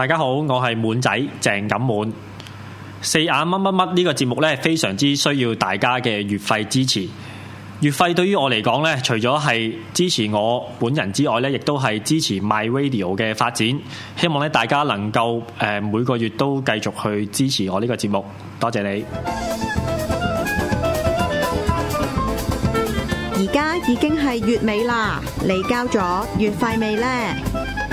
大家好，我係滿仔鄭錦滿。四眼乜乜乜呢個節目呢，非常之需要大家嘅月費支持。月費對於我嚟講呢，除咗係支持我本人之外呢，亦都係支持 My Radio 嘅發展。希望呢，大家能夠誒每個月都繼續去支持我呢個節目。多謝你。而家已經係月尾啦，你交咗月費未呢？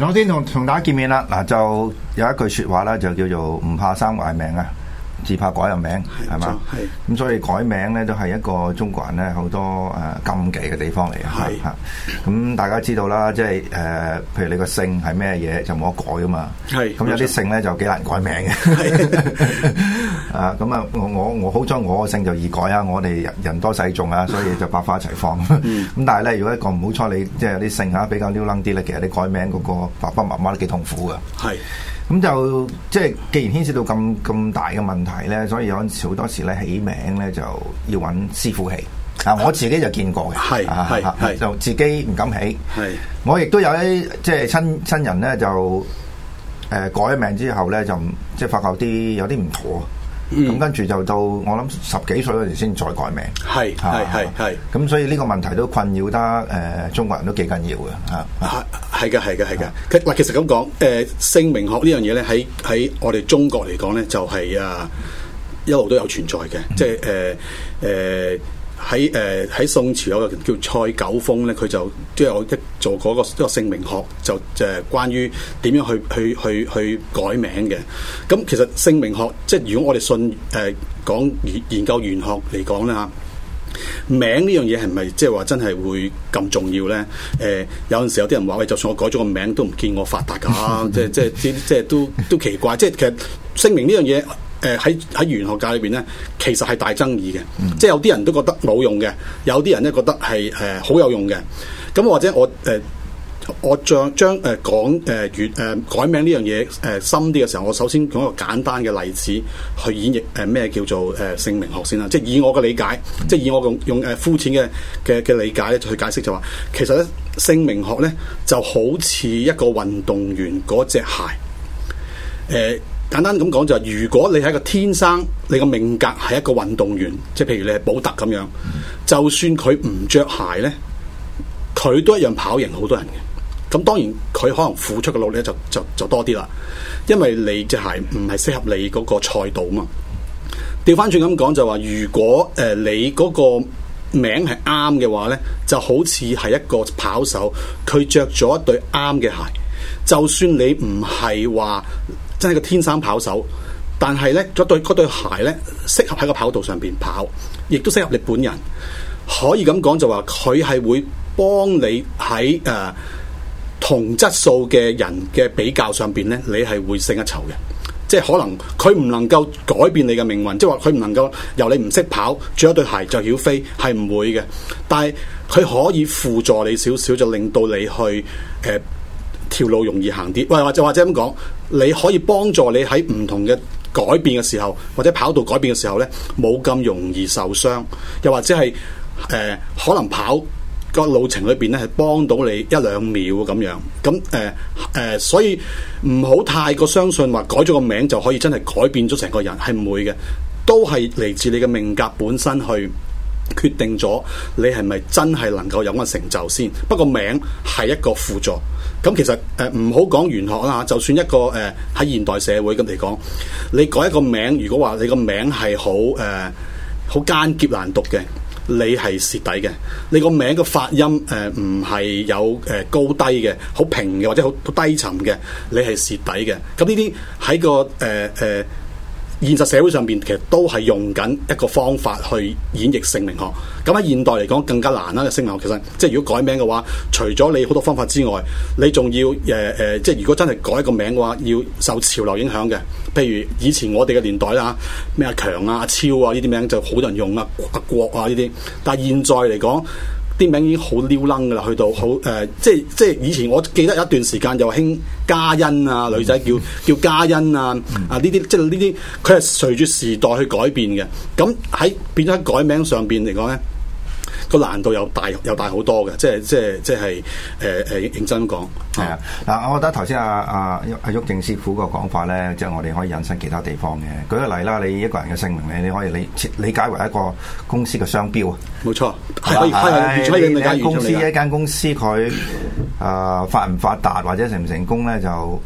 首先同同大家見面啦，嗱就有一句説話啦，就叫做唔怕生壞命啊，只怕改人名，係嘛是？係咁吧，嗯，所以改名咧都係一個中國人咧好多誒、呃、禁忌嘅地方嚟嘅。係嚇是，咁、嗯、大家知道啦，即係誒、呃，譬如你個姓係咩嘢就冇得改噶嘛。係咁有啲姓咧就幾難改名嘅。是 啊，咁啊，我我好彩，我個姓就易改啊！我哋人多勢眾啊，所以就百花齊放。咁但係咧，如果一個唔好彩，你即係有啲姓啊比較丟愣啲咧，其實你改名嗰個爸爸媽媽都幾痛苦噶。係，咁就即係既然牽涉到咁咁大嘅問題咧，所以有陣時好多時咧起名咧就要揾師傅起。啊，我自己就見過嘅，係係就自己唔敢起。係，我亦都有啲即係親親人咧就誒改咗名之後咧就即係發覺啲有啲唔妥。咁跟住就到我諗十幾歲嗰時先再改名，係係係係。咁所以呢個問題都困擾得誒中國人都幾緊要嘅嚇。係嘅係嘅係嘅。其實話其實咁講，誒，姓名學呢樣嘢咧喺喺我哋中國嚟講咧就係，啊一路都有存在嘅，即係誒誒。喺誒喺宋朝有個叫蔡九峰呢，咧，佢就都有做過一做嗰個呢個姓名學就，就、呃、誒關於點樣去去去去改名嘅。咁、嗯、其實姓名學即係如果我哋信誒、呃、講研究玄學嚟講咧嚇，名呢樣嘢係咪即係話真係會咁重要咧？誒、呃、有陣時有啲人話喂，就算我改咗個名都唔見我發達㗎， 即係即係啲即係都都奇怪。即係其實姓名呢樣嘢。誒喺喺玄學界裏邊咧，其實係大爭議嘅，嗯、即係有啲人都覺得冇用嘅，有啲人咧覺得係誒好有用嘅。咁、呃、或者我誒、呃、我將將誒、呃、講誒越誒改名呢樣嘢誒深啲嘅時候，我首先講一個簡單嘅例子去演繹誒咩、呃、叫做誒姓、呃、名學先啦。即係以我嘅理解，嗯、即係以我用用誒、呃、膚淺嘅嘅嘅理解咧，去解釋就話，其實咧姓名學咧就好似一個運動員嗰隻鞋誒。呃嗯簡單咁講就如果你係一個天生你個命格係一個運動員，即係譬如你係寶特咁樣，嗯、就算佢唔着鞋呢，佢都一樣跑贏好多人嘅。咁當然佢可能付出嘅努力就就就，就多啲啦，因為你隻鞋唔係適合你嗰個賽道嘛。調翻轉咁講就話，如果誒、呃、你嗰個名係啱嘅話呢，就好似係一個跑手，佢着咗一對啱嘅鞋，就算你唔係話真係個天生跑手，但係呢，嗰對嗰對鞋呢，適合喺個跑道上邊跑，亦都適合你本人。可以咁講就話，佢係會幫你喺誒、呃、同質素嘅人嘅比較上邊呢，你係會勝一籌嘅。即係可能佢唔能夠改變你嘅命運，即係話佢唔能夠由你唔識跑，着一對鞋就曉飛，係唔會嘅。但係佢可以輔助你少少，就令到你去誒。呃條路容易行啲，喂，或就或者咁講，你可以幫助你喺唔同嘅改變嘅時候，或者跑道改變嘅時候呢，冇咁容易受傷，又或者係誒、呃、可能跑個路程裏邊呢，係幫到你一兩秒咁樣咁誒誒，所以唔好太過相信話改咗個名就可以真係改變咗成個人，係唔會嘅，都係嚟自你嘅命格本身去。決定咗你係咪真係能夠有咁嘅成就先？不過名係一個輔助。咁其實誒唔好講玄學啦，就算一個誒喺、呃、現代社會咁嚟講，你改一個名，如果話你個名係好誒好艱澀難讀嘅，你係蝕底嘅；你個名個發音誒唔係有誒、呃、高低嘅，好平嘅或者好低沉嘅，你係蝕底嘅。咁呢啲喺個誒誒。呃呃現實社會上面其實都係用緊一個方法去演繹姓名學，咁喺現代嚟講更加難啦。姓名學其實即係如果改名嘅話，除咗你好多方法之外，你仲要誒誒、呃呃，即係如果真係改一個名嘅話，要受潮流影響嘅。譬如以前我哋嘅年代啊，咩阿強啊、阿超啊呢啲名就好多人用啊、國啊呢啲，但係現在嚟講，啲名已經好撩楞噶啦，去到好誒、呃，即係即係以前，我記得有一段時間又興嘉欣啊，女仔叫叫嘉欣啊，啊呢啲即係呢啲，佢係隨住時代去改變嘅。咁喺變咗改名上邊嚟講咧。個難度又大又大好多嘅，即係即係即係誒誒認真講。係啊，嗱，我覺得頭先阿阿阿毓証師傅個講法咧，即係我哋可以引申其他地方嘅。舉個例啦，你一個人嘅姓名咧，你可以理理解為一個公司嘅商標啊。冇錯，係係係。你你公司一間公司佢誒、呃、發唔發達或者成唔成功咧就，就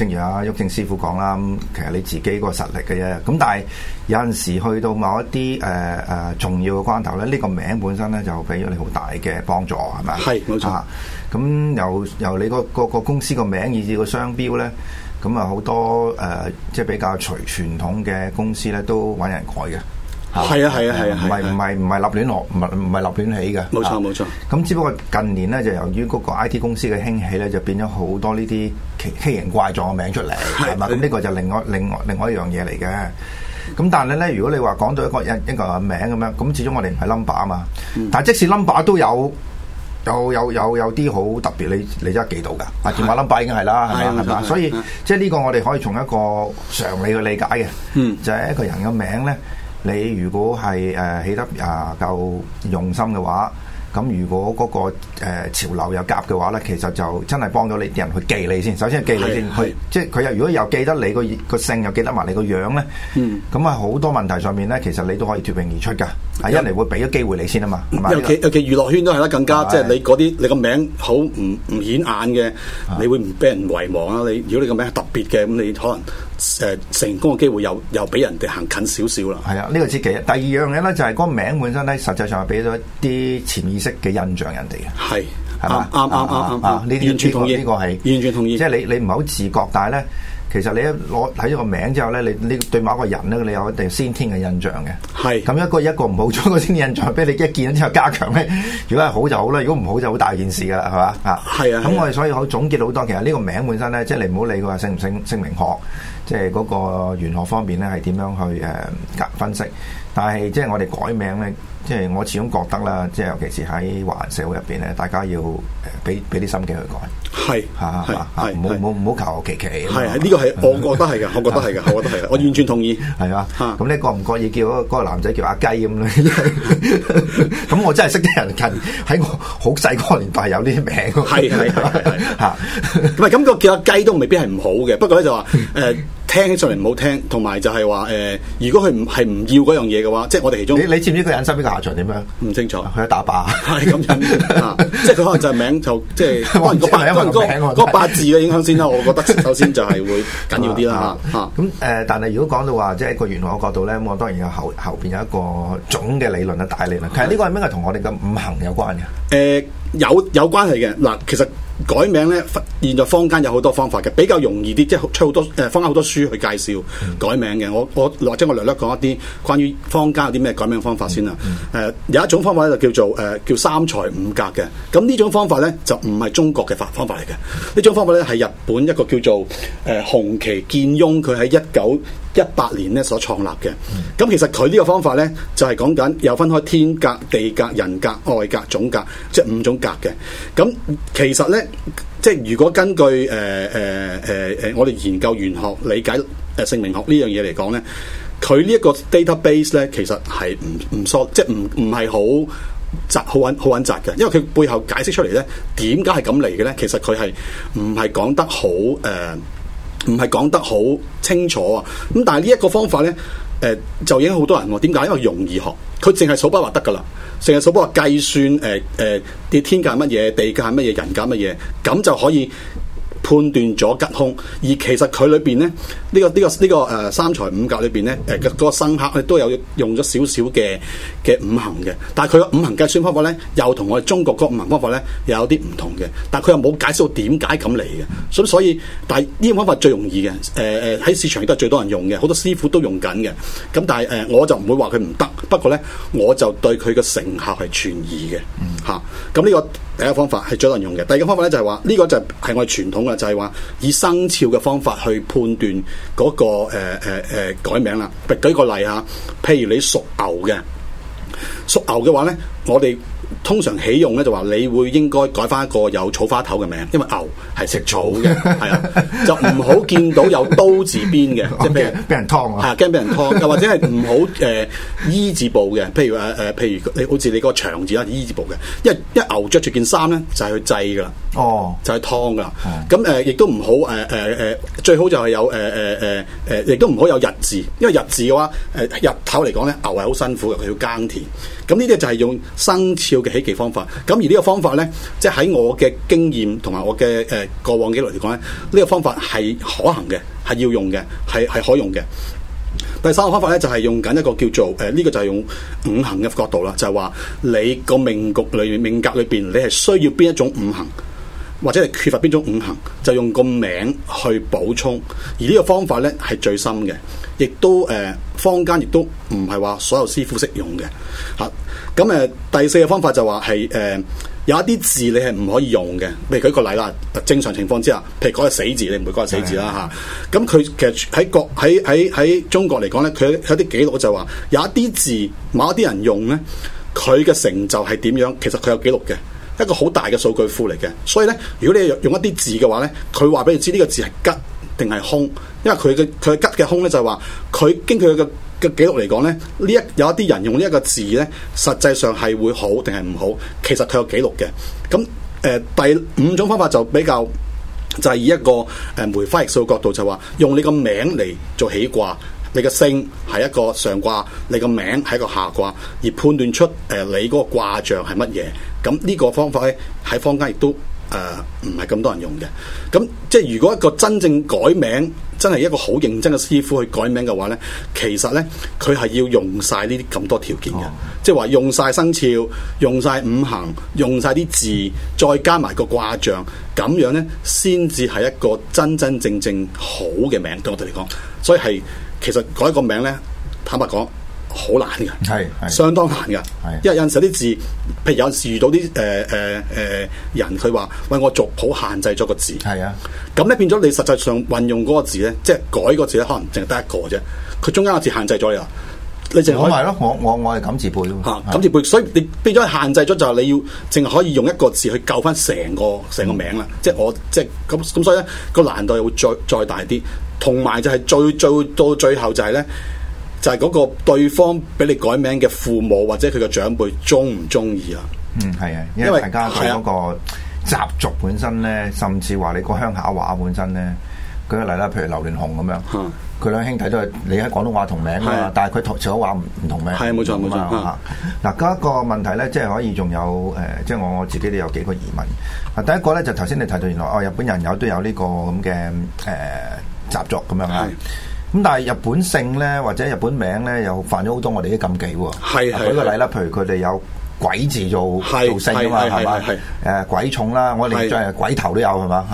正如阿毓証師傅講啦，其實你自己個實力嘅啫。咁但係有陣時去到某一啲誒誒重要嘅關頭咧，呢個名本身咧就俾咗你好大嘅幫助，係咪啊？係冇錯。咁由由你個個公司個名以至個商標咧，咁啊好多誒，即係比較隨傳統嘅公司咧，都揾人改嘅。係啊係啊係啊，唔係唔係唔係立亂落，唔唔係立亂起嘅。冇錯冇錯。咁只不過近年咧，就由於嗰個 IT 公司嘅興起咧，就變咗好多呢啲。奇形怪狀嘅名出嚟，係嘛？咁呢個就另外另外另外一樣嘢嚟嘅。咁但係咧，如果你話講到一個一一個人嘅名咁樣，咁始終我哋唔係 number 啊嘛。但係即使 number 都有有有有有啲好特別，你你而家記到噶啊電話 number 已經係啦，係咪？所以即係呢個我哋可以從一個常理去理解嘅，就係一個人嘅名咧，你如果係誒起得啊夠用心嘅話。咁如果嗰個潮流有夾嘅話咧，其實就真係幫到你啲人去記你先。首先係記你先，去即係佢又如果又記得你個個姓又記得埋你個樣咧，咁啊好多問題上面咧，其實你都可以脫穎而出噶。啊，嗯、一嚟會俾咗機會你先啊嘛。尤其尤其娛樂圈都係啦，更加即係是的 你嗰啲你個名好唔唔顯眼嘅，你會唔俾人遺忘啊？你、嗯、如果你個名係特別嘅，咁你可能。誒，成功嘅機會又又俾人哋行近少少啦。係啊，呢個切記。第二樣嘢咧，就係個名本身咧，實際上係俾咗一啲潛意識嘅印象人哋嘅。係、啊，係嘛，啱啱啱啱啱。完全同意，呢、這個係、這個、完全同意。即係你你唔係好自覺，但係咧，其實你一攞睇咗個名之後咧，你你對某一個人咧，你有一定先天嘅印象嘅。係。咁一個一個唔好咗個先天印象，俾你一見咗之後加強咧，如果係好就好啦，如果唔好就好大件事噶啦，係嘛啊。係啊。咁我哋所以好總結好多，其實呢個名本身咧，即係你唔好理佢話姓唔姓，姓名學。即係嗰個玄學方面咧，係點樣去誒分析？但係即係我哋改名咧，即係我始終覺得啦，即係尤其是喺華人社會入邊咧，大家要誒俾俾啲心機去改。係，係，係，唔好唔好唔好搞我琪琪。係啊，呢個係我覺得係嘅，我覺得係嘅，我覺得係，我完全同意。係啊，咁、嗯、你過唔過意叫嗰個男仔叫阿雞咁咧？咁、 嗯嗯、我真係識得人近喺我好細個年代有呢啲名。係係吓唔係咁個叫阿雞都未必係唔好嘅。不過咧就話誒、呃，聽起上嚟唔好聽，同埋就係話誒，如果佢唔係唔要嗰樣嘢嘅話，不即係我哋其中。你，你知唔知佢人生嘅下場點樣？唔清楚，佢一打靶、啊，係咁樣即係佢可能就係、名就即、係、係、可、就、能個八字嘅影響先啦， 我覺得首先就係會緊要啲啦嚇。咁誒、呃，但係如果講到話即係一個原來嘅角度咧，咁、嗯、我當然有後後邊有一個總嘅理論嘅大理論。其實呢個係咩？係同我哋嘅五行有關嘅。誒、呃，有有關係嘅嗱，其實。改名咧，現在坊間有好多方法嘅，比較容易啲，即係出好多誒坊間好多書去介紹改名嘅。我我或者我略略講一啲關於坊間有啲咩改名方法先啦。誒、呃、有一種方法咧就叫做誒、呃、叫三才五格嘅，咁呢種方法咧就唔係中國嘅法方法嚟嘅，呢種方法咧係日本一個叫做誒熊崎健翁，佢喺一九一八年咧所創立嘅，咁其實佢呢個方法咧就係、是、講緊有分開天格、地格、人格、外格、總格，即係五種格嘅。咁其實咧，即係如果根據誒誒誒誒，我哋研究玄學理解誒、呃、姓名學呢樣嘢嚟講咧，佢呢一個 database 咧，其實係唔唔錯，即係唔唔係好窄、好穩好穩窄嘅。因為佢背後解釋出嚟咧，點解係咁嚟嘅咧？其實佢係唔係講得好誒？呃唔係講得好清楚啊！咁但係呢一個方法呢，誒、呃、就影響好多人喎。點解？因為容易學，佢淨係數筆畫得噶啦，淨係數筆畫計算誒誒啲天價乜嘢、地價乜嘢、人價乜嘢，咁就可以。判斷咗吉凶，而其實佢裏邊咧，這個這個這個呃、面呢個呢個呢個誒三才五格裏邊咧，誒個嗰個生克咧都有用咗少少嘅嘅五行嘅，但係佢嘅五行計算方法咧，又同我哋中國個五行方法咧又有啲唔同嘅，但係佢又冇解釋到點解咁嚟嘅，咁所以但係呢個方法最容易嘅，誒誒喺市場亦都係最多人用嘅，好多師傅都用緊嘅，咁但係誒、呃、我就唔會話佢唔得，不過咧我就對佢個成效係存疑嘅，嚇、嗯，咁呢、啊、個第一個方法係最多人用嘅，第二個方法咧就係話呢個就係我哋傳統嘅。就係話，以生肖嘅方法去判斷嗰個誒誒誒改名啦。舉個例嚇，譬如你屬牛嘅，屬牛嘅話咧，我哋。通常起用咧，就話你會應該改翻一個有草花頭嘅名，因為牛係食草嘅，係 啊，就唔好見到有刀字邊嘅， 即係俾俾人劏、okay，啊，吓驚俾人劏，又或者係唔好誒衣字部嘅，譬如誒誒、呃，譬如好你好似你個長字啦，衣字部嘅，因為一牛着住件衫咧，就係去制噶啦，哦，就係、去劏噶啦，咁誒亦都唔好誒誒誒，最好就係有誒誒誒誒，亦、呃、都唔好有日字，因為日字嘅話，誒日頭嚟講咧，牛係好辛苦嘅，佢要耕田。咁呢啲就係用生肖嘅起奇方法，咁而呢個方法呢，即喺我嘅經驗同埋我嘅誒、呃、過往記錄嚟講呢，呢、這個方法係可行嘅，係要用嘅，係係可用嘅。第三個方法呢，就係、是、用緊一個叫做誒呢、呃、這個就係用五行嘅角度啦，就係、是、話你個命局裏面命格裏邊你係需要邊一種五行。或者係缺乏邊種五行，就用個名去補充。而呢個方法呢係最深嘅，亦都誒、呃、坊間亦都唔係話所有師傅識用嘅。嚇，咁誒第四個方法就話係誒有一啲字你係唔可以用嘅。譬如舉個例啦，正常情況之下，譬如講係死字，你唔會講係死字啦嚇。咁佢的、啊、其實喺國喺喺喺中國嚟講呢，佢有啲記錄就話有一啲字某一啲人用呢，佢嘅成就係點樣？其實佢有記錄嘅。一個好大嘅數據庫嚟嘅，所以咧，如果你用一啲字嘅話咧，佢話俾你知呢個字係吉定係凶，因為佢嘅佢嘅吉嘅凶咧就係話，佢經佢嘅嘅記錄嚟講咧，呢一有一啲人用呢一個字咧，實際上係會好定係唔好，其實佢有記錄嘅。咁誒、呃，第五種方法就比較就係、是、以一個誒梅花易數角度就話，用你個名嚟做起卦。你嘅姓係一個上卦，你個名係一個下卦，而判斷出誒、呃、你嗰個卦象係乜嘢。咁呢個方法咧喺坊間亦都誒唔係咁多人用嘅。咁即係如果一個真正改名，真係一個好認真嘅師傅去改名嘅話咧，其實咧佢係要用晒呢啲咁多條件嘅，哦、即係話用晒生肖、用晒五行、用晒啲字，再加埋個卦象，咁樣咧先至係一個真真正正好嘅名，對我哋嚟講，所以係。其實改一個名咧，坦白講，好難嘅，係相當難嘅，係是。因為有陣時啲字，譬如有陣時遇到啲誒誒誒人，佢話：喂，我族譜限制咗個字，係啊。咁咧變咗你實際上運用嗰個字咧，即係改個字咧，可能淨係得一個啫。佢中間個字限制咗你，你啊，你淨可係咯，我我我係錦字背咯，嚇、啊、錦字輩。所以你變咗限制咗，就係你要淨係可以用一個字去救翻成個成、嗯、個名啦。即係我即係咁咁，所以咧個難度又會再再大啲。同埋就係最最到最後就係咧，就係嗰個對方俾你改名嘅父母或者佢嘅長輩中唔中意啊？嗯，係啊，因為係啊，因為大家對嗰個習俗本身咧，甚至話你個鄉下話本身咧，舉個例啦，譬如劉鑾雄咁樣，佢兩兄弟都係你喺廣東話同名啊，但係佢潮州話唔同名。係冇錯冇錯嗱，加一個問題咧，即係可以仲有誒，即係我我自己都有幾個疑問。啊，第一個咧就頭先你提到原來哦，日本人有都有呢個咁嘅誒。習俗咁樣係，咁的但係日本姓咧或者日本名咧又犯咗好多我哋啲禁忌喎。係，係舉個例啦，的譬如佢哋有。鬼字做做聲啊係嘛？鬼重啦，我哋再鬼頭都有係嘛？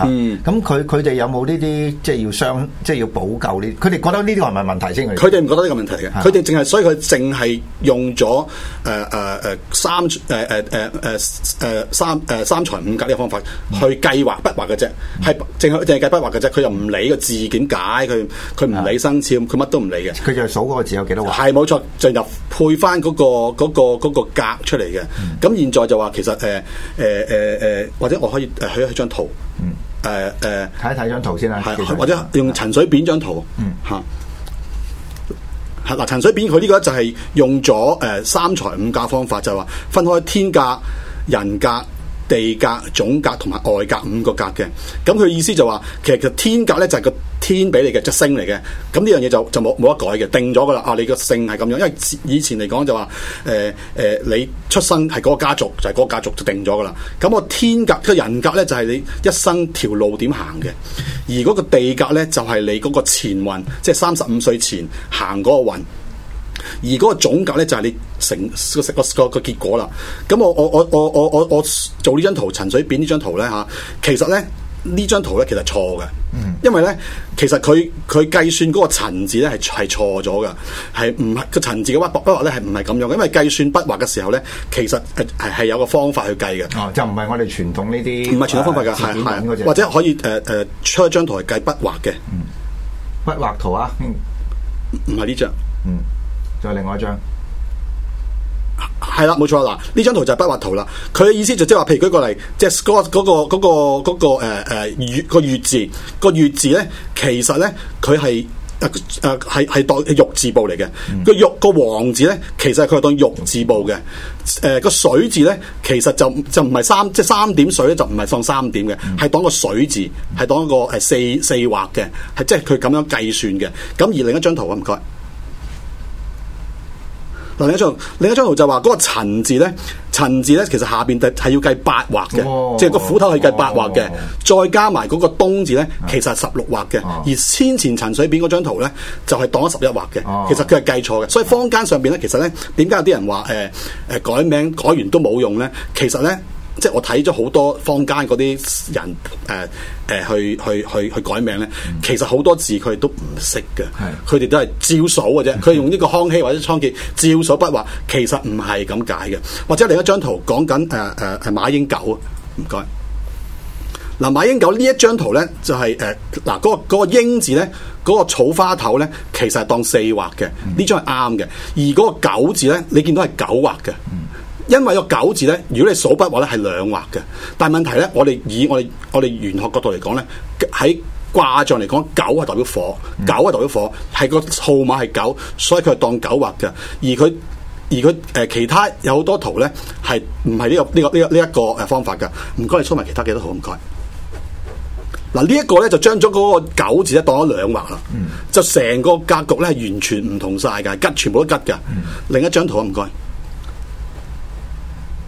咁佢佢哋有冇呢啲即係要雙，即係要補救呢？佢哋覺得呢啲係咪問題先？佢哋唔覺得呢個問題嘅，佢哋淨係所以佢淨係用咗誒誒誒三誒誒誒誒誒三誒三才五格呢個方法去計畫筆畫嘅啫，係淨係淨係計筆畫嘅啫，佢又唔理個字點解，佢佢唔理生肖佢乜都唔理嘅，佢就數嗰個字有幾多畫。係冇錯，就入配翻嗰個嗰個嗰個格出嚟。咁、嗯、現在就話其實誒誒誒誒，或者我可以睇一張圖，誒誒、嗯，睇、呃、一睇張圖先啦、啊，是或者用陳水扁張圖，嚇、嗯，係嗱、啊，陳水扁佢呢個就係用咗誒、呃、三才五格方法，就話、是、分開天格、人格。地格、總格同埋外格五個格嘅，咁佢意思就話其實個天格咧就係個天俾你嘅，即係星嚟嘅。咁呢樣嘢就就冇冇得改嘅，定咗噶啦。啊，你個姓係咁樣，因為以前嚟講就話誒誒，你出生係嗰個家族就係嗰個家族就定咗噶啦。咁個天格即係人格咧，就係你一生條路點行嘅，而嗰個地格咧就係你嗰個前運，即係三十五歲前行嗰個運。而嗰個總格咧就係、是、你成個個個結果啦。咁我我我我我我我做呢張圖陳水扁呢張圖咧吓、啊，其實咧呢張圖咧其實錯嘅，因為咧其實佢佢計算嗰個陳字咧係係錯咗嘅，係唔係個陳字嘅筆筆畫咧係唔係咁樣嘅，因為計算筆畫嘅時候咧，其實係係有個方法去計嘅、哦。就唔係我哋傳統呢啲唔係傳統方法嘅，係或，或者可以誒誒出一張圖嚟計筆畫嘅，嗯，筆畫圖啊，唔係呢張，嗯。再另外一張，係啦，冇錯啦。呢張圖就係筆畫圖啦。佢嘅意思就即係話，譬如舉個例，即係嗰個嗰個嗰、嗰個嗰、嗰個、嗰個呃、月個月字個月字咧，其實咧佢係誒誒係係當玉字部嚟嘅。個、嗯、玉個王字咧，其實佢係當玉字部嘅。誒、呃、個水字咧，其實就就唔係三即係、即係、三點水咧，就唔係放三點嘅，係、嗯、當個水字，係、嗯、當個誒四四畫嘅，係即係佢咁樣計算嘅。咁而另一張圖啊，唔該。另一張另一張圖就話嗰個陳字咧，陳字咧其實下邊係係要計八畫嘅，即係個斧頭係計八畫嘅，再加埋嗰個東字咧，其實十六畫嘅，而先前陳水扁嗰張圖咧就係當咗十一畫嘅，其實佢係計錯嘅，所以坊間上邊咧其實咧點解有啲人話誒誒改名改完都冇用咧？其實咧。即係我睇咗好多坊間嗰啲人誒誒、呃呃、去去去去改名咧，mm hmm. 其實好多字佢哋都唔識嘅，佢哋、mm hmm. 都係照數嘅啫。佢、mm hmm. 用呢個康熙或者倉頡照數筆畫，其實唔係咁解嘅。或者另一張圖講緊誒誒係馬英九啊，唔該。嗱馬英九呢一張圖咧就係誒嗱嗰個嗰個英字咧，嗰個草花頭咧其實係當四畫嘅，呢張係啱嘅。而嗰個九字咧，你見到係九畫嘅。Mm 因為個九字咧，如果你數筆畫咧係兩畫嘅，但係問題咧，我哋以我哋我哋玄學角度嚟講咧，喺卦象嚟講，九係代表火，九係代表火，係個號碼係九，所以佢係當九畫嘅。而佢而佢誒、呃、其他有好多圖咧，係唔係呢個呢、這個呢、這個呢一、這個誒方法噶？唔該，你出埋其他幾多圖，唔該。嗱、啊，這個、呢一個咧就將咗嗰個九字咧當咗兩畫啦，嗯、就成個格局咧係完全唔同晒嘅，吉全部都吉嘅。嗯、另一張圖啊，唔該。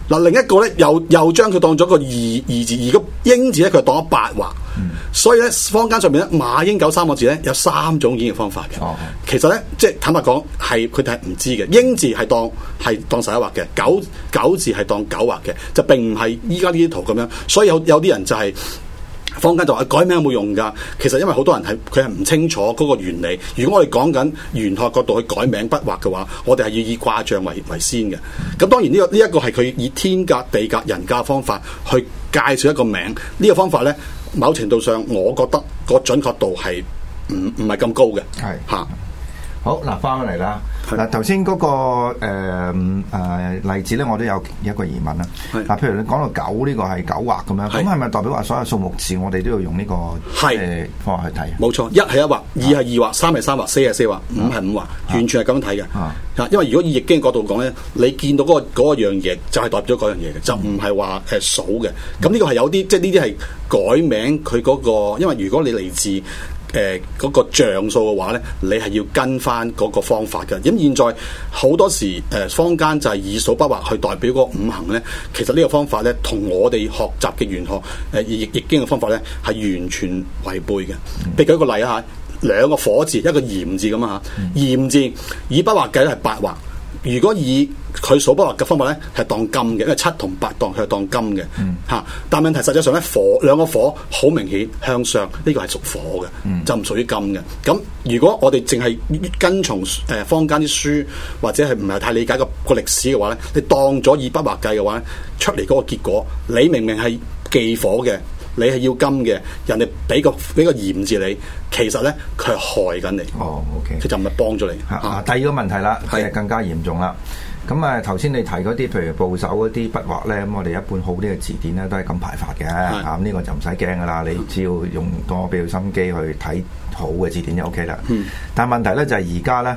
嗱，另一個咧，又又將佢當咗個二二字，如果英字咧，佢就當咗八畫，嗯、所以咧，坊間上面咧，馬英九三個字咧，有三種演繹方法嘅。哦、其實咧，即係坦白講，係佢哋係唔知嘅。英字係當係當十一畫嘅，九九字係當九畫嘅，就並唔係依家呢啲圖咁樣。所以有有啲人就係、係。坊間就話、啊、改名有冇用㗎？其實因為好多人係佢係唔清楚嗰個原理。如果我哋講緊玄學角度去改名筆畫嘅話，我哋係要以卦象為為先嘅。咁當然呢、呢個呢一、呢個係佢以天格地格人格方法去介紹一個名。呢、呢個方法呢，某程度上我覺得個準確度係唔唔係咁高嘅。係嚇是。好嗱，翻返嚟啦。嗱是的、嗰個，頭先嗰個誒誒例子咧，我都有一個疑問啦。嗱，是的 譬如你講到九呢個係九畫咁樣，咁係咪代表話所有數目字我哋都要用呢個係方法去睇？冇錯，一係一畫，二係二畫，三係三畫，四係四畫，五係五畫，4 4 5 5啊、完全係咁樣睇嘅。啊，因為如果以易經角度講咧，你見到嗰、嗰個樣嘢就係代表咗嗰樣嘢嘅，就唔係話誒數嘅。咁呢、嗯嗯、個係有啲即係呢啲係改名佢嗰個，因為如果你嚟自。誒嗰、呃那個象數嘅話咧，你係要跟翻嗰個方法嘅。咁現在好多時誒、呃、坊間就係以數筆畫去代表個五行咧，其實呢個方法咧，同我哋學習嘅玄學誒易、呃、易經嘅方法咧，係完全違背嘅。你舉一個例啊嚇，兩個火字一個炎字咁啊嚇，炎字以筆畫計係八畫。如果以佢所不畫嘅方法咧，係當金嘅，因為七同八當佢係當金嘅嚇。嗯、但問題實際上咧，火兩個火好明顯向上，呢、呢個係屬火嘅，嗯、就唔屬於金嘅。咁如果我哋淨係跟從誒坊間啲書或者係唔係太理解個個歷史嘅話咧，你當咗以筆畫計嘅話咧，出嚟嗰個結果，你明明係忌火嘅。你係要金嘅，人哋俾個俾個鹽字你，其實咧佢係害緊你。哦，OK，佢就唔係幫咗你。嚇，第二個問題啦，係更加嚴重啦。咁啊，頭先你提嗰啲，譬如部首嗰啲筆畫咧，咁我哋一般好啲嘅字典咧都係咁排法嘅。嚇，咁呢個就唔使驚噶啦，你只要用多俾心機去睇好嘅字典就 OK 啦。嗯。但問題咧就係而家咧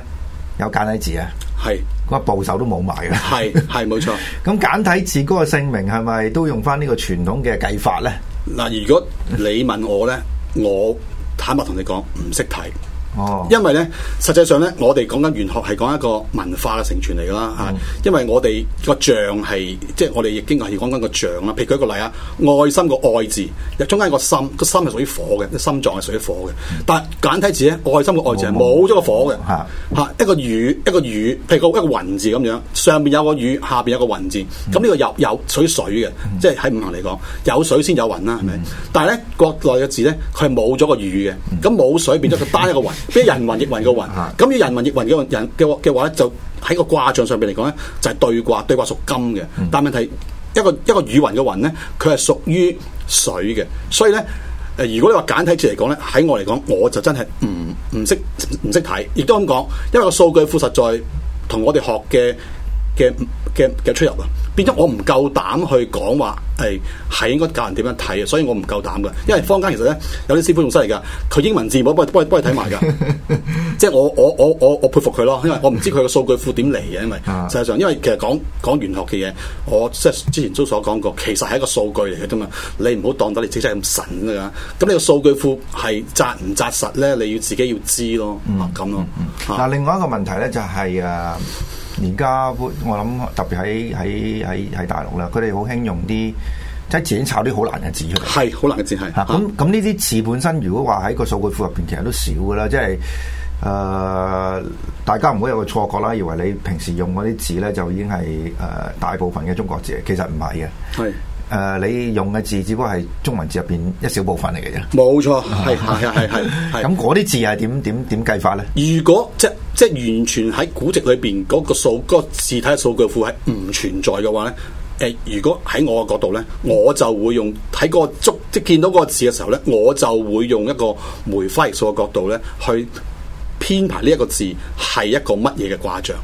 有簡體字啊，係個部首都冇埋嘅，係係冇錯。咁簡體字嗰個姓名係咪都用翻呢個傳統嘅計法咧？嗱，如果你問我咧，我坦白同你講，唔識睇。哦，因為咧，實際上咧，我哋講緊玄學係講一個文化嘅承傳嚟㗎啦嚇。嗯、因為我哋個象係，即係我哋亦經常而講緊個象啦。譬如舉一個例啊，愛心個愛字，中間個心，個心係屬於火嘅，個心臟係屬於火嘅。但係簡體字咧，愛心個愛字係冇咗個火嘅嚇、嗯，一個雨一個雨，譬如個一個雲字咁樣，上面有個雨，下邊有個雲字，咁呢個有有屬於水嘅，嗯、即係喺五行嚟講，有水先有雲啦，係咪、嗯？但係咧，國內嘅字咧，佢係冇咗個雨嘅，咁冇水變咗佢單一個雲。畀人云亦云嘅云，咁要人云亦云嘅人嘅嘅話咧，就喺個卦象上邊嚟講咧，就係、是、對卦，對卦屬金嘅。但問題一個一個雨雲嘅雲咧，佢係屬於水嘅，所以咧，誒，如果你話簡體字嚟講咧，喺我嚟講，我就真係唔唔識唔識睇，亦都咁講，因為個數據庫實在同我哋學嘅嘅嘅嘅出入啊。變咗我唔夠膽去講話係係應該教人點樣睇啊！所以我唔夠膽噶，因為坊間其實咧有啲師傅仲犀利噶，佢英文字母幫幫幫你睇埋噶， 即係我我我我我佩服佢咯，因為我唔知佢個數據庫點嚟嘅，因為實際上因為其實講講玄學嘅嘢，我即係之前都所講過，其實係一個數據嚟嘅啫嘛，你唔好當得你自己係咁神㗎，咁你個數據庫係紮唔紮實咧？你要自己要知咯，咁、嗯、咯。嗱、嗯，嗯啊、另外一個問題咧就係、是、啊。而家我諗特別喺喺喺喺大陸啦，佢哋好興用啲即係自己抄啲好難嘅字出嚟，係，好難嘅字，係。咁咁呢啲字本身，如果話喺個數據庫入邊，其實都少㗎啦。即係誒、呃，大家唔好有個錯覺啦，以為你平時用嗰啲字咧，就已經係誒、呃、大部分嘅中國字，其實唔係嘅。係誒是、呃，你用嘅字只不過係中文字入邊一小部分嚟嘅啫。冇錯，係係係係。咁嗰啲字係點點點計法咧？如，呢，如果即即係完全喺古籍裏邊嗰、那個數、那個字體嘅數據庫係唔存在嘅話咧，誒、呃，如果喺我嘅角度咧，我就會用睇嗰、那個足，即見到個字嘅時候咧，我就會用一個梅花易數嘅角度咧去編排呢一個字係一個乜嘢嘅卦象。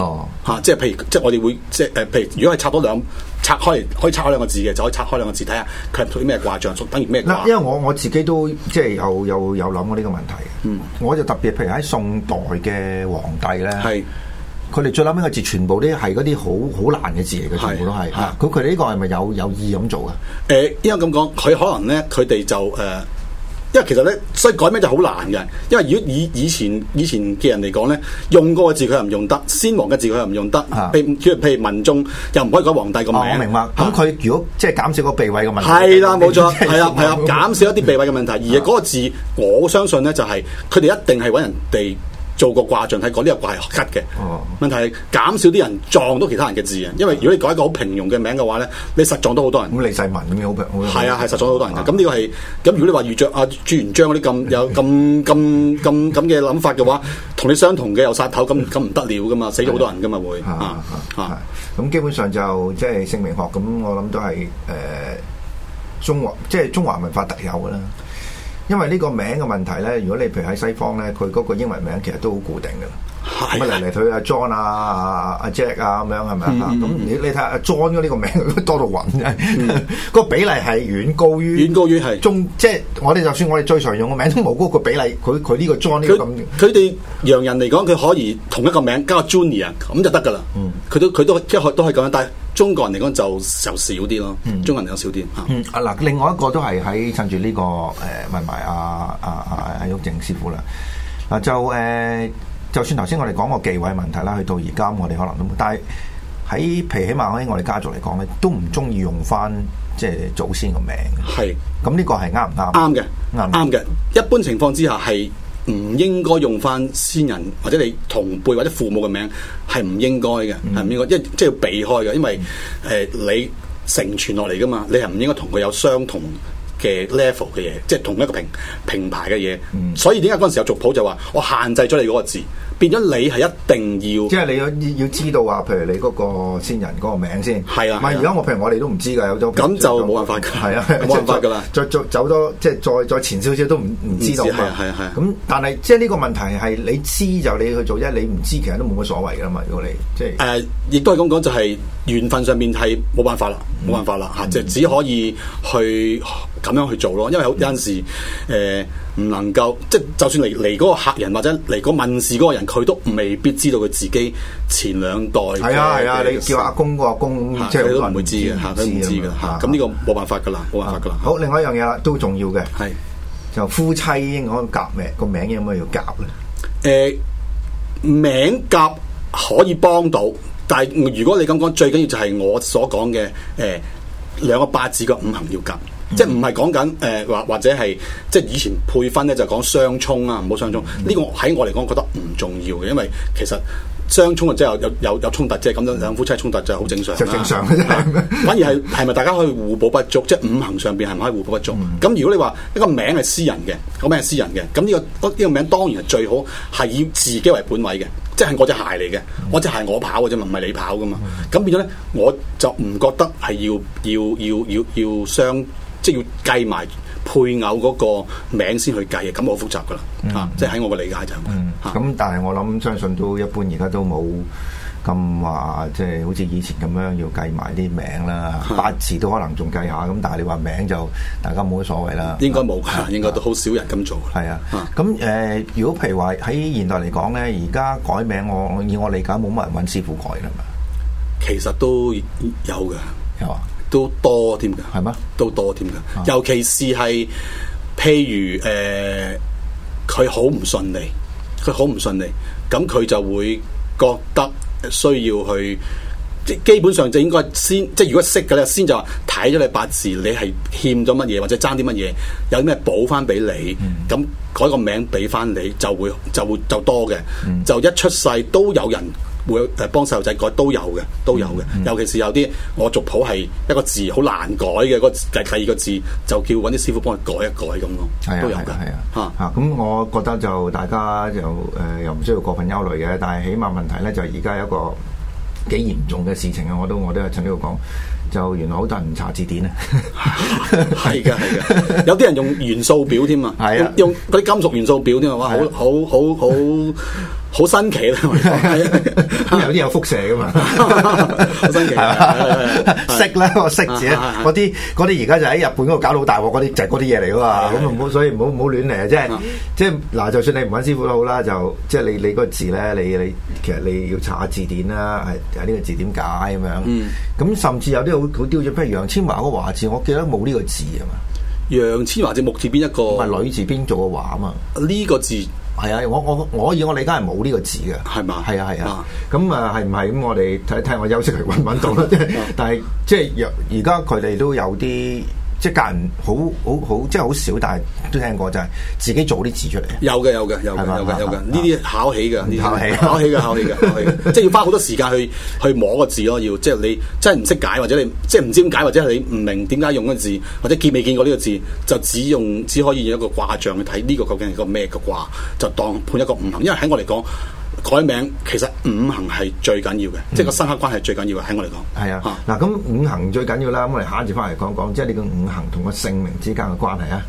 哦，吓、啊，即係譬如，即係我哋會，即係誒、呃，譬如如果係拆咗兩拆開，可以拆開兩個字嘅，就可以拆開兩個字睇下，佢係屬啲咩卦象，屬等於咩卦，嗱，因為我我自己都即係有有有諗過呢個問題，嗯，我就特別譬如喺宋代嘅皇帝咧，係，佢哋最諗緊個字全部啲係嗰啲好好難嘅字嚟嘅，是 全部都係吓，咁佢哋呢個係咪有有意咁做嘅？誒、呃，因為咁講，佢可能咧，佢哋就誒。呃因為其實咧，所以改名就好難嘅。因為如果以以前以前嘅人嚟講咧，用過嘅字佢又唔用得，先王嘅字佢又唔用得。譬、啊、如譬如民眾又唔可以改皇帝個名。啊、明白。咁佢如果即係減少個避諱嘅問題，係啦冇錯，係啊係啊，減少一啲避諱嘅問題。而嗰個字，啊、我相信咧就係，佢哋一定係搵人哋。做個卦象，睇講呢個卦係吉嘅。哦，問題係減少啲人撞到其他人嘅字啊，因為如果你改一個好平庸嘅名嘅話咧，你實撞到好多人。咁李世民咁樣好平，係啊，係實撞到好多人。咁呢、啊、個係咁，如果你話遇着阿朱元璋嗰啲咁有咁咁咁咁嘅諗法嘅話，同你相同嘅又殺頭，咁咁唔得了噶嘛，死咗好多人噶嘛會，咁基本上就即係姓名學咁，我諗都係誒中華即係中華文化特有噶啦。因為呢個名嘅問題咧，如果你譬如喺西方咧，佢嗰個英文名其實都好固定嘅，咁乜嚟嚟去阿 John 啊阿、啊啊、Jack 啊咁樣係咪啊？咁、嗯、你睇下，阿 John 呢個名多到暈嘅，嗯、 個比例係遠高於遠高於係中，即、就、係、是、我哋就算我哋最常用嘅名都冇嗰個比例，佢佢呢個 John 呢個咁。佢佢哋洋人嚟講，佢可以同一個名加個 Junior 咁就得㗎啦。佢、嗯、都佢都即係都可以咁樣帶，但中國人嚟講就就少啲咯，中國人嚟講少啲。嗯啊嗱，是另外一個都係喺趁住呢、這個誒，問埋阿阿阿阿毓証師傅啦。嗱就誒、呃，就算頭先我哋講個忌諱問題啦，去到而家我哋可能都，冇。但係喺譬如起碼喺我哋家族嚟講咧，都唔中意用翻即係祖先名是個名嘅。咁呢個係啱唔啱？啱嘅，啱嘅。一般情況之下係。唔應該用翻先人或者你同輩或者父母嘅名係唔應該嘅，係唔、嗯、應該，即係、就是、要避開嘅，因為誒、嗯呃、你承傳落嚟噶嘛，你係唔應該同佢有相同嘅 level 嘅嘢，即係同一個平、平排嘅嘢。嗯、所以點解嗰陣時有族譜就話我限制咗你嗰個字？變咗你係一定要，即係你要，要知道啊，譬如你嗰個先人嗰個名先。係啊，唔係而家我譬如我哋都唔知噶，有咗咁就冇辦法噶，係啊，冇辦法噶啦。再再走多，即係再再前少少都唔唔知道嘛。係啊係啊係啊。咁、啊、但係即係呢個問題係你知就你去做，啫你唔知其實都冇乜所謂噶嘛。如果你即係誒，亦都係咁講，就係、是、緣分上面係冇辦法啦，冇辦法啦吓，就、嗯、只可以去咁樣去做咯。因為有陣時誒。嗯嗯嗯嗯嗯嗯嗯唔能夠，即係就算嚟嚟嗰個客人或者嚟嗰問事嗰個人，佢都未必知道佢自己前兩代。係啊係啊，啊這個、你叫阿公個阿公，即係你都唔會知嘅吓，都唔知嘅吓。咁呢個冇辦法噶啦，冇辦法噶啦、啊。好，另外一樣嘢都重要嘅，係、啊、就夫妻應該夾咩個名應該要夾咧？誒、呃，名夾可以幫到，但係如果你咁講，最緊要就係我所講嘅誒兩個八字個五行要夾。即係唔係講緊誒，或或者係即係以前配分咧，就講相沖啊，唔好相沖。呢個喺我嚟講我覺得唔重要嘅，因為其實相沖啊，即有有有有衝突啫。咁樣兩夫妻衝突就係好正常。正常。反而係係咪大家可以互補不足？即係五行上邊係唔可以互補不足？咁如果你話一個名係私人嘅，個名係私人嘅，咁呢個呢個名當然係最好係以自己為本位嘅，即係我隻鞋嚟嘅，我隻鞋我跑嘅啫，唔係你跑噶嘛。咁變咗咧，我就唔覺得係要要要要要相。即係要計埋配偶嗰個名先去計嘅，咁好複雜噶啦，啊！即係喺我嘅理解就，咁但係我諗相信都一般，而家都冇咁話，即係好似以前咁樣要計埋啲名啦，八字都可能仲計下，咁但係你話名就大家冇乜所謂啦。應該冇，應該都好少人咁做。係啊，咁誒，如果譬如話喺現代嚟講咧，而家改名，我以我理解冇乜人揾師傅改啦嘛。其實都有嘅，有啊。都多添噶，係咩？都多添噶，尤其是係譬如誒，佢好唔順利，佢好唔順利，咁佢就會覺得需要去，即基本上就應該先，即係如果識嘅咧，就先就話睇咗你八字，你係欠咗乜嘢，或者爭啲乜嘢，有啲咩補翻俾你，咁、嗯、改個名俾翻你，就會就會就多嘅，嗯、就一出世都有人。會誒幫細路仔改都有嘅，都有嘅，尤其是有啲我族譜係一個字好難改嘅，個第第二個字就叫揾啲師傅幫佢改一改咁咯，都有嘅。吓吓咁，我覺得就大家就誒又唔需要過分憂慮嘅，但係起碼問題咧就而家有一個幾嚴重嘅事情啊！我都我都係趁呢度講，就原來好多人唔查字典啊，係嘅係嘅，有啲人用元素表添啊，係啊，用嗰啲金屬元素表添啊，哇，好好好好。好新奇啦， 有啲有輻射噶嘛？ 新奇係識咧我識字，嗰啲嗰啲而家就喺日本嗰個搞到大鑊嗰啲，就係嗰啲嘢嚟噶嘛。咁唔好，所以唔好唔好亂嚟啊！即係即係嗱，就算你唔揾師傅都好啦，就即係你你嗰個字咧，你你，你其實你要查下字典啦，係係呢個字點解咁樣？咁、嗯、甚至有啲好好丟咗，譬如楊千嬅嗰個華字，我記得冇呢個字啊嘛。嗯、楊千嬅字木字邊一個？唔係女字邊做嘅華啊嘛？呢、啊這個字。係啊，我我我以我理解係冇呢個字嘅，係嘛嗎，係啊係啊，咁啊係唔係咁？嗎嗯、是是我哋睇睇我休息嚟，揾唔揾到啦。 即係，但係即係若而家佢哋都有啲。即係隔人，好好好，即係好少，但係都聽過，就係自己做啲字出嚟。有嘅，有嘅吧，有嘅，有嘅，有嘅吧。呢啲考起嘅，呢考，考起， 考起，考起嘅，考起嘅，考起。即係要花好多時間去去摸個字咯，要即係你真係唔識解，或者你即係唔知點解，或者你唔明點解用嗰個字，或者見未見過呢個字，就只用只可以用一個卦象去睇呢個究竟係個咩嘅卦，就當判一個唔行。因為喺我嚟講。改名其實五行係最緊要嘅，嗯、即係個生克關係最緊要嘅。喺我嚟講，係啊。嗱咁、啊、五行最緊要啦，咁我哋下一節返嚟講講，即係你個五行同個姓名之間嘅關係啊。